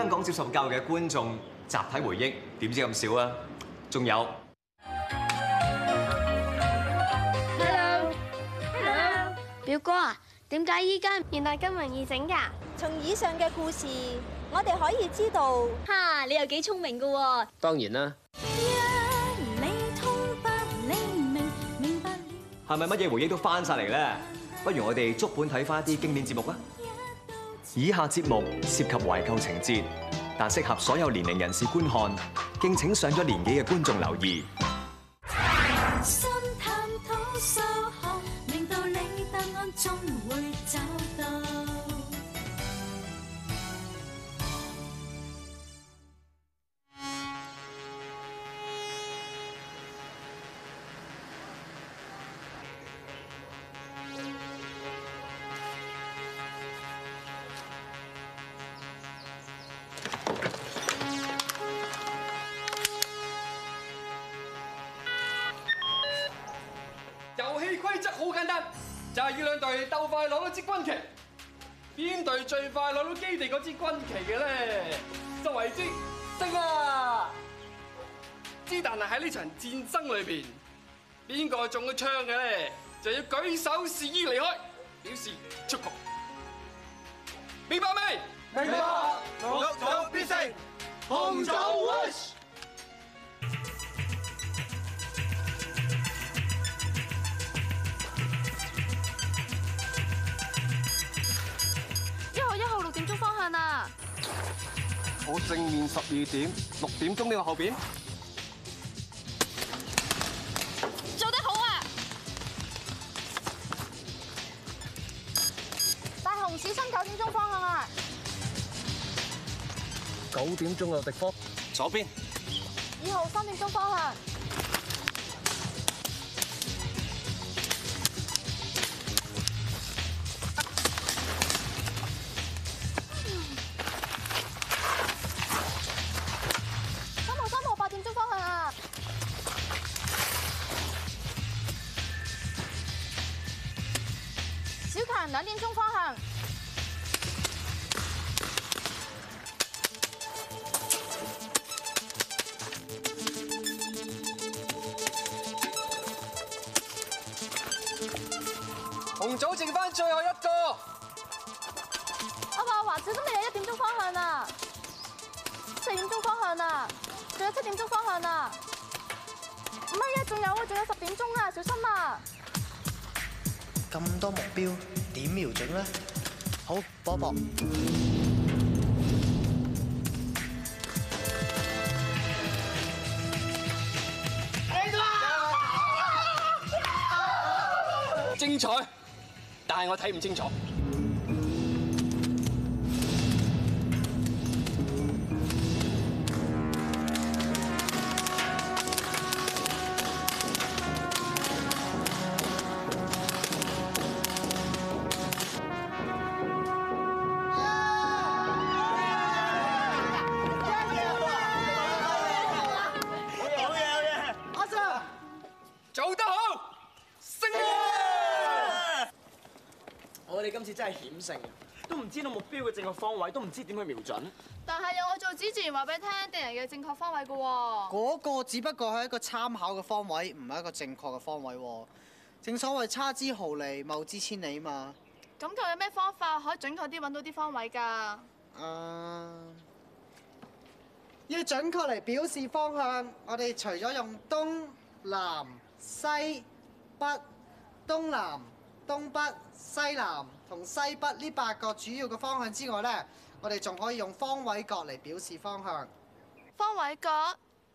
香港接受教育嘅觀眾集體回憶點知咁少啊？仲有，Hello，Hello，Hello. Hello. 表哥啊，點解而家原來咁容易整㗎？從以上嘅故事，我哋可以知道，哈、啊，你又幾聰明嘅喎、啊？當然啦。係咪乜嘢回憶都翻晒嚟咧？不如我哋足本睇翻啲經典節目啊。以下節目涉及懷舊情節，但適合所有年齡人士觀看，敬請上咗年紀嘅觀眾留意。好簡單，就係要兩隊鬥快攞到支軍旗，邊隊最快攞到基地嗰支軍旗嘅咧，就為之勝啊！之但係喺呢場戰爭裏邊，邊個中咗槍嘅咧，就要舉手示意離開，表示出局。明白未？明白。六九必勝，紅走威士。問啊！我正面十二點，六點鐘呢個後邊做得好啊！大雄，小心九點鐘方向啊！九點鐘個敵方左邊，二號三點鐘方向。兩點鐘方向，紅組剩翻最後一個。阿華，華仔都未有一點鐘方向啊，四點鐘方向啊，仲有七點鐘方向啊，唔係啊，仲有啊，仲有十點鐘啊，小心啊！咁多目標點瞄準咧？好，波波，精彩，但係我睇唔清楚。險性，都唔知到目標嘅正確方位，都唔知點去瞄準。但係有我做指示員話俾你聽定人嘅正確方位嘅。嗰個只不過係一個參考嘅方位，唔係一個正確嘅方位啊。正所謂差之毫釐，謬之千里啊嘛。咁佢有咩方法可以準確啲揾到啲方位噶？啊、呃，要準確嚟表示方向，我哋除咗用東南西北、東南、東北、西南。同西北呢八個主要嘅方向之外呢，我哋仲可以用方位角嚟表示方向。方位角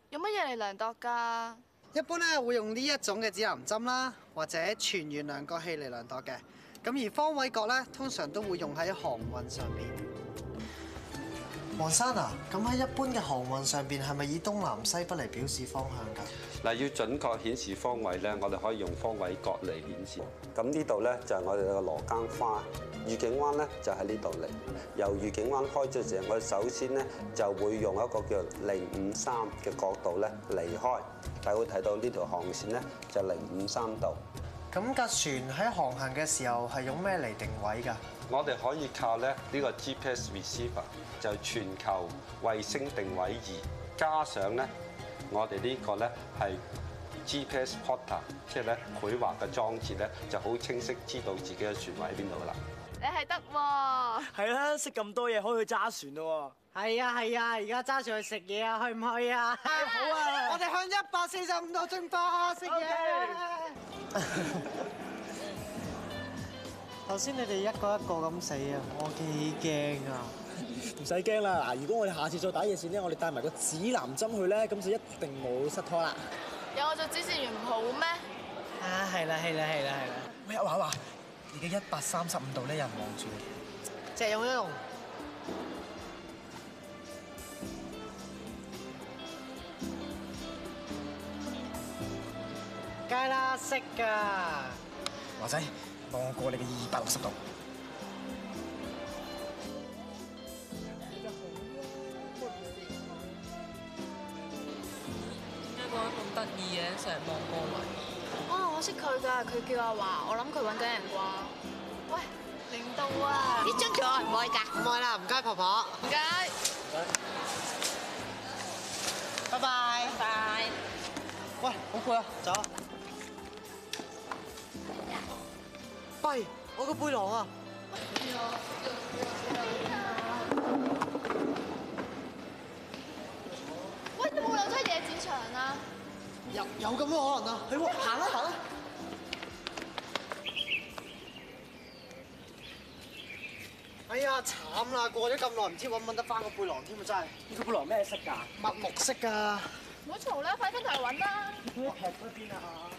用乜嘢嚟量度㗎？一般咧會用呢一種嘅指南針啦，或者全圓量角器嚟量度嘅。咁而方位角呢，通常都會用喺航運上面。黃生啊，咁喺一般嘅航運上邊，係咪以東南西北嚟表示方向㗎？嗱，要準確顯示方位咧，我哋可以用方位角嚟顯示。咁呢度咧就係我哋嘅羅崗花，御景灣咧就喺呢度嚟。由御景灣開出時我哋首先咧就會用一個叫零五三嘅角度咧離開。大家會睇到呢條航線咧就零五三度。咁架船喺航行嘅時候係用咩嚟定位㗎？我哋可以靠咧呢個 GPS receiver 就全球衛星定位儀，加上咧我哋呢個咧係 GPS potter，即係咧繪畫嘅裝置咧，就好清晰知道自己嘅船位喺邊度噶啦。你係得喎，係啦，識咁多嘢可以去揸船咯喎。係啊係啊，而家揸住去食嘢啊，去唔去啊？Yeah, 好啊，我哋向一百四十五度轉方向食嘢。吃東西 okay. 頭先你哋一個一個咁死啊！我幾驚啊！唔使驚啦，嗱，如果我哋下次再打野戰咧，我哋帶埋個指南針去咧，咁就一定冇失蹤啦。有我做指戰員唔好咩？啊，係啦，係啦，係啦，係啦！我有話話，而家一百三十五度咧又唔安全。謝勇勇，梗啦，識㗎。華仔。望過你嘅二百六十度。點解嗰位咁得意嘅，成日望過埋？啊，我識佢㗎，佢叫阿華，我諗佢揾緊人啩。喂，零度啊！你將佢開唔開㗎？唔開啦，唔該婆婆。唔該。拜拜。拜拜。喂，好攰啦，走。喂，我個背囊啊，啊，啊，啊！喂，背冇有喺嘢子場啊！有有咁多可能啊，去行啊行啊，啊！哎呀，慘啦，過咗咁耐，唔知搵唔搵得翻個背囊添啊！真係，呢個背囊咩色噶？墨綠色噶。唔好嘈啦，快啲過嚟搵啦！我劈咗邊啊！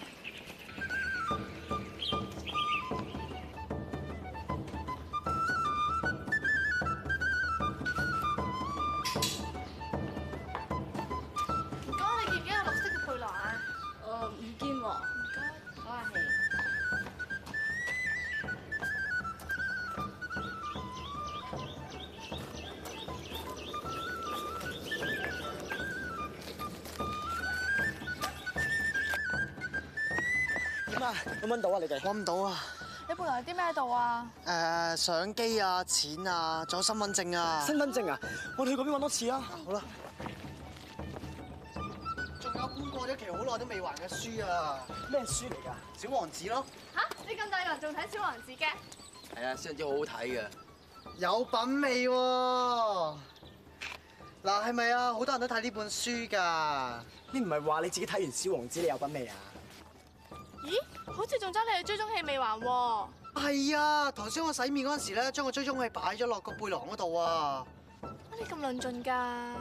我搵到，到啊，你哋？搵唔到啊！你本來有啲咩度啊？誒、uh,，相機啊，錢啊，仲有身份證啊！身份證啊？我哋去嗰邊搵多次啊。好啦，仲有搬過咗期好耐都未還嘅書啊！咩書嚟噶？小王子咯。吓？你咁大個人仲睇小王子嘅？係啊，小王子好好睇嘅，有品味喎。嗱，係咪啊是是？好多人都睇呢本書噶。你唔係話你自己睇完小王子你有品味啊？咦、啊，好似仲爭你嘅追蹤器未還？係啊，頭先我洗面嗰陣時咧，將個追蹤器擺咗落個背囊嗰度啊乜！你咁論盡噶？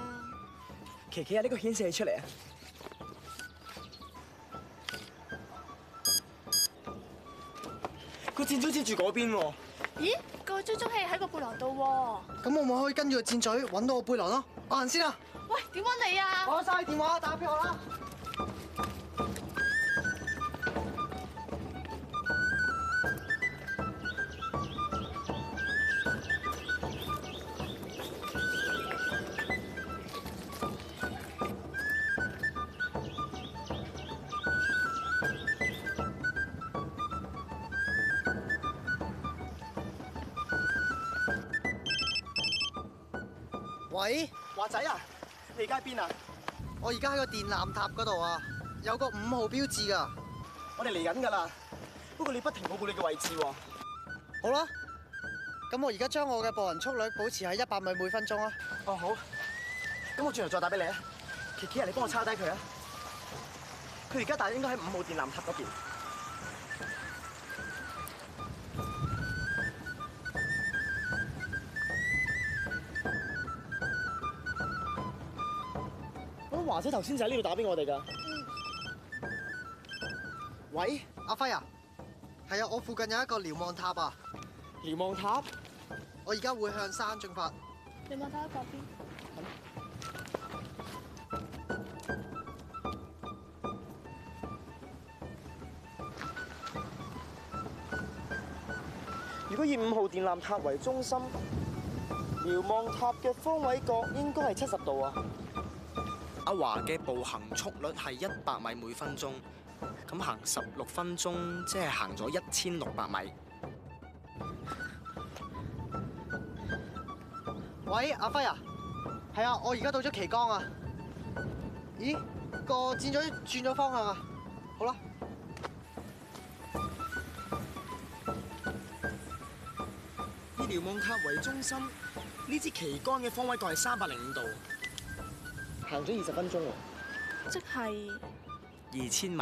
琪、這、琪、個、啊，呢個顯示器出嚟啊！個箭嘴接住嗰邊喎。咦，個追蹤器喺個背囊度喎。咁我咪可以跟住個箭嘴搵到個背囊咯？我行先啦。喂，點搵你啊？我嘥電話，打俾我啦。喂，華仔啊，你而家喺邊啊？我而家喺個電纜塔嗰度啊，有個五號標誌噶，我哋嚟緊噶啦，不過你不停保護你嘅位置喎。好啦，咁我而家將我嘅步行速率保持喺一百米每分鐘啊。哦好，咁我轉頭再打俾你啊。琪琪啊，你幫我抄低佢啊，佢而家大概應該喺五號電纜塔嗰邊。華仔頭先就喺呢度打俾我哋噶。喂，阿輝啊，係啊，我附近有一個瞭望塔啊。瞭望塔？我而家會向山進發。瞭望塔喺邊？如果以五號電纜塔為中心，瞭望塔嘅方位角應該係七十度啊。阿華嘅步行速率係一百米每分鐘。咁行十六分鐘即係行咗一千六百米。喂，阿輝啊，係啊，我而家到咗旗桿啊。咦，個箭嘴轉咗方向啊！好啦，以瞭望塔為中心，呢支旗桿嘅方位角係三百零五度。行咗二十分鐘喎，就是，即係二千米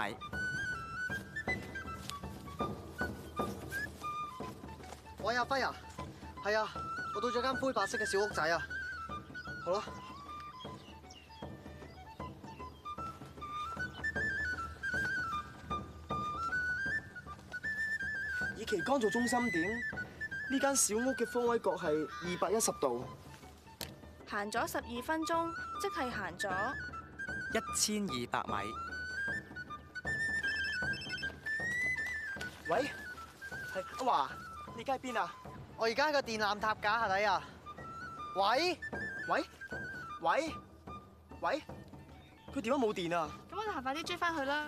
喂呀。喂，阿輝啊，係啊，我到咗間灰白色嘅小屋仔啊。好啦，以旗桿做中心點，呢間小屋嘅方位角係二百一十度。行咗十二分鐘，即係行咗一千二百米。喂，係阿華，你而家喺邊啊？我而家喺個電纜塔架下底啊。喂，喂，喂，喂，佢點解冇電啊？咁我哋行快啲追翻佢啦。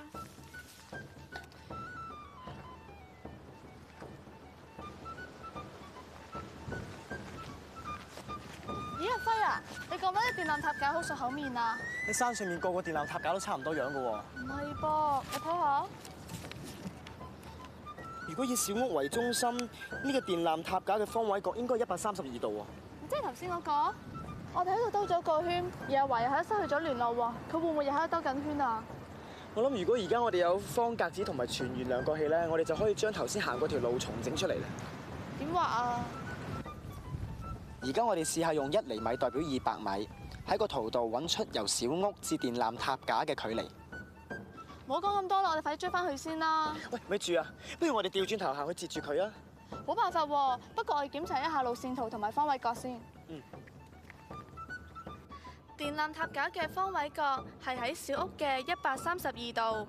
電纜塔架好熟口面啊！啲山上面個個電纜塔架都差唔多樣噶喎、啊。唔係噃，你睇下。如果以小屋為中心，呢、這個電纜塔架嘅方位角應該一百三十二度喎、啊。即係頭先嗰個。我哋喺度兜咗個圈，而阿華喺度失去咗聯絡喎。佢會唔會又喺度兜緊圈啊？我諗如果而家我哋有方格紙同埋全圓量角器咧，我哋就可以將頭先行嗰條路重整出嚟啦。點畫啊？而家我哋試下用一厘米代表二百米。喺個圖度揾出由小屋至電纜塔架嘅距離。唔好講咁多啦，我哋快啲追翻去先啦。喂，咪住啊！不如我哋調轉頭行去截住佢啊！冇辦法，不過我要檢查一下路綫圖同埋方位角先。嗯。電纜塔架嘅方位角係喺小屋嘅一百三十二度。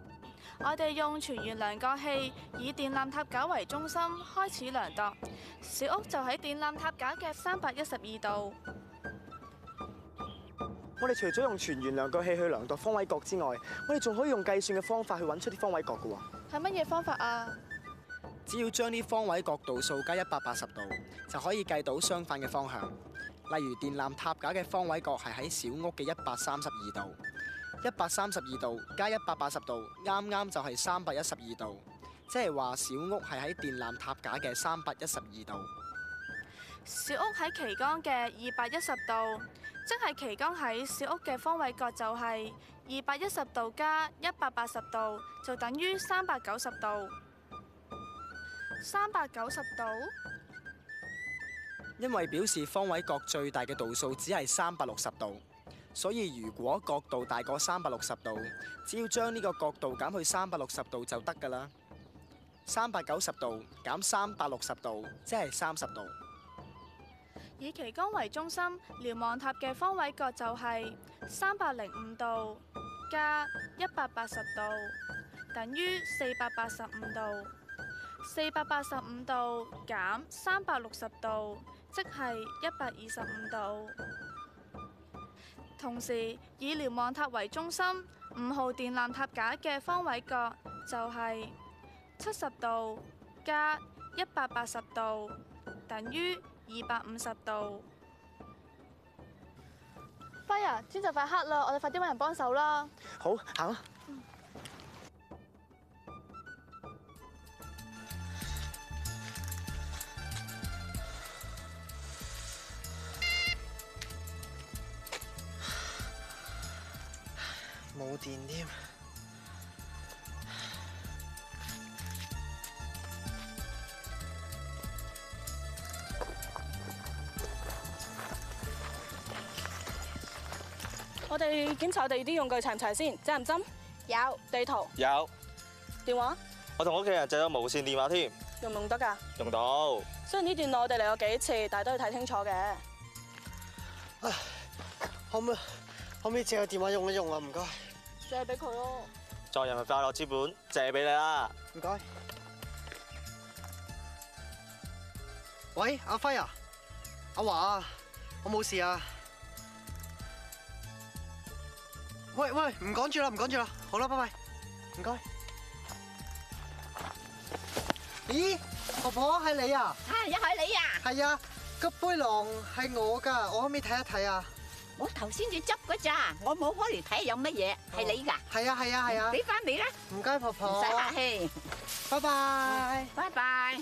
我哋用全圓量角器以電纜塔架為中心開始量度，小屋就喺電纜塔架嘅三百一十二度。我哋除咗用全圓量角器去量度方位角之外，我哋仲可以用計算嘅方法去揾出啲方位角噶。係乜嘢方法啊？只要將啲方位角度數加一百八十度，就可以計到相反嘅方向。例如，電纜塔架嘅方位角係喺小屋嘅一百三十二度，一百三十二度加一百八十度，啱啱就係三百一十二度，即係話小屋係喺電纜塔架嘅三百一十二度。小屋喺旗桿嘅二百一十度。即係，旗杆喺小屋嘅方位角就係二百一十度加一百八十度，就等於三百九十度。三百九十度，因為表示方位角最大嘅度數只係三百六十度，所以如果角度大過三百六十度，只要將呢個角度減去三百六十度就得㗎喇。三百九十度減三百六十度，即係三十度。以旗杆為中心，瞭望塔嘅方位角就係三百零五度加一百八十度，等於四百八十五度。四百八十五度減三百六十度，即係一百二十五度。同時，以瞭望塔為中心，五號電纜塔架嘅方位角就係七十度加一百八十度，等於二百五十度，輝啊！天就快黑啦，我哋快啲搵人幫手啦！好，行啦。冇、嗯、電添。我哋檢查我哋啲用具齊唔齊先？針針有，地圖，有，電話，我同屋企人借咗無線電話添，用唔用得噶？用到。雖然呢段路我哋嚟過幾次，但係都要睇清楚嘅。可唔可可唔可以借個電話用一用啊？唔該。借俾佢咯。助人為快樂之本，借俾你啦。唔該。喂，阿輝啊，阿華啊，我冇事啊。喂喂，唔趕住啦，唔趕住啦，好啦，拜拜，唔該。咦，婆婆係你啊？係，又係你啊？係啊，個背囊係我噶我可唔可以睇一睇啊？我頭先要執嗰隻，我冇開嚟睇有乜嘢，係你噶係啊，係啊，係啊。俾翻你啦。唔該，婆婆。唔使客氣。拜拜。拜拜。